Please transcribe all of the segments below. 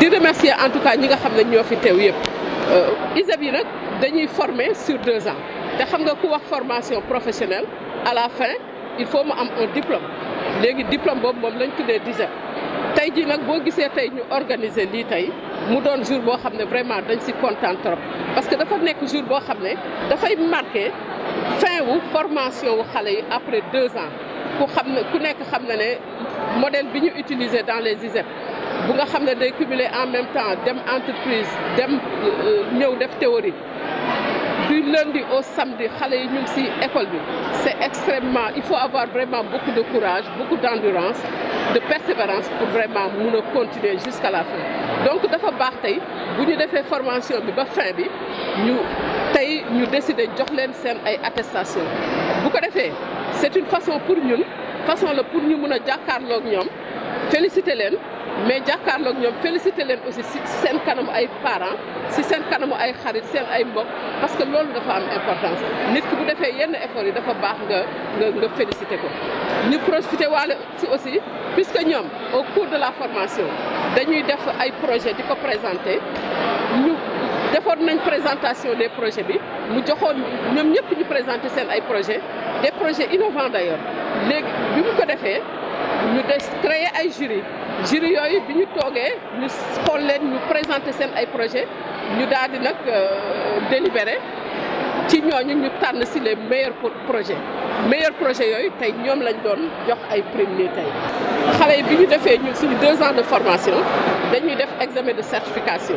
di remercier en tout cas ñi nga xam ne ñoo fi teew yëpp euh, ISEP yi nag dañuy former sur 2 ans té xam nga ku wax formation professionnelle à la fin il faut mu am un diplôme légui diplôme bob moom lañ tuddee DISEP tey jii nak bo gisee tay ñu organiser li tay mu doon jour bo xamné vraiment dañ ci kontaan trop parce que dafa nekk jour bo xamné da fay marqué fin wu formation wu xalé yi après 2 ans ku xamné ku nekk xamné né modèle bi ñu utiliser dans les ISEP bu nga xam ne day cumuler en même temps dem entreprise dem euh, ñëw def théorie du lundi au samedi xale yi ñu ngi ci école bi c'est extrêmement il faut avoir vraiment beaucoup de courage beaucoup d'endurance de persévérance pour vraiment mun continuer jusqu'à la fin donc dafa baax tey bu ñu defee formation bi ba fin bi ñu tey ñu décider jox leen seen ay attestations bu ko defee c'est une façon pour ñun façon la pour ñu mun a jàkkaarloog ñoom féliciter les mais jàkkaarloog ñoom féliciter leen aussi si seen kanamu ay parents si sen kanam ay xarit sen ay mbokk parce que lolu dafa am importance nit ki bu defee yenn effort yi dafa bax nga nga féliciter félicité ko. ni profité wala ci aussi puisque ñom au cours de la formation dañuy def ay projet diko présenter defoon une présentation des projets Nous avons mieux ñoom ñëpp présenter seen projets des projets innovants d'ailleurs Nous avons mu ko jury. ñu jury jury yooyu bi ñu nous ñu présenter seen projets nous euh, avons délibéré. Nous délibérer ci ñooñu les meilleurs projets meilleurs projets sont les ñoom lañ doon jox ay Nous avons fait deux ans de formation fait un examen de certification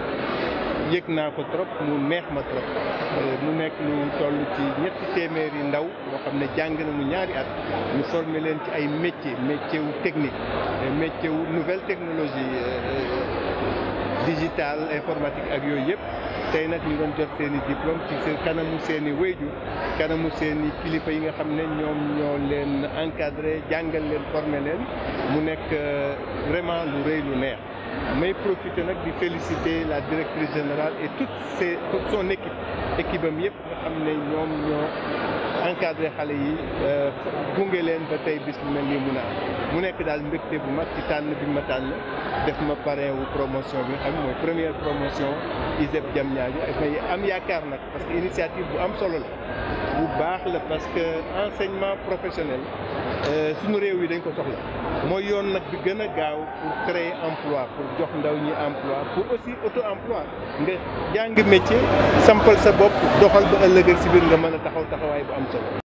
yëg naa ko trop mu neex ma trop euh, mu nekk lu toll ci ñetti téeméeri ndaw moo xam ne jàng na mu ñaari at ñu former leen ci ay métier métier wu technique euh, métier wu nouvelle technologie euh, digitale informatique ak yooyu yëpp tey nag ñu doon jot seen i diplôme ci seen kanamu seeni i kanamu seen i kilifa yi nga xam ne ñoom ñoo leen encadré jàngal leen former leen mu nekk vraiment lu rëy lu neex Mais profité nak di féliciter la directrice générale et toute ses toute son équipe équipe am yëpp nga xamné ñom ñoo encadré xalé yi euh, gunge leen ba tay bis bu mel nii mun a mu nekk dal mbékté bu mag ci tànn bi ma tànn def ma parrain wu promotion bi xam première promotion ISEP Diamniadio ak ay am yaakar nak parce que initiative bu am solo la bu baax la parce que enseignement professionnel euh, suñu réew yi dañ ko soxla mooy yoon nag bi gën a gaaw pour créer emploi pour jox ndaw ñi emploi pour aussi auto emploi nga jàng métier sampal sa bopp doxal ba ëllëg ak si biir nga mën a taxaw taxawaay bu am solo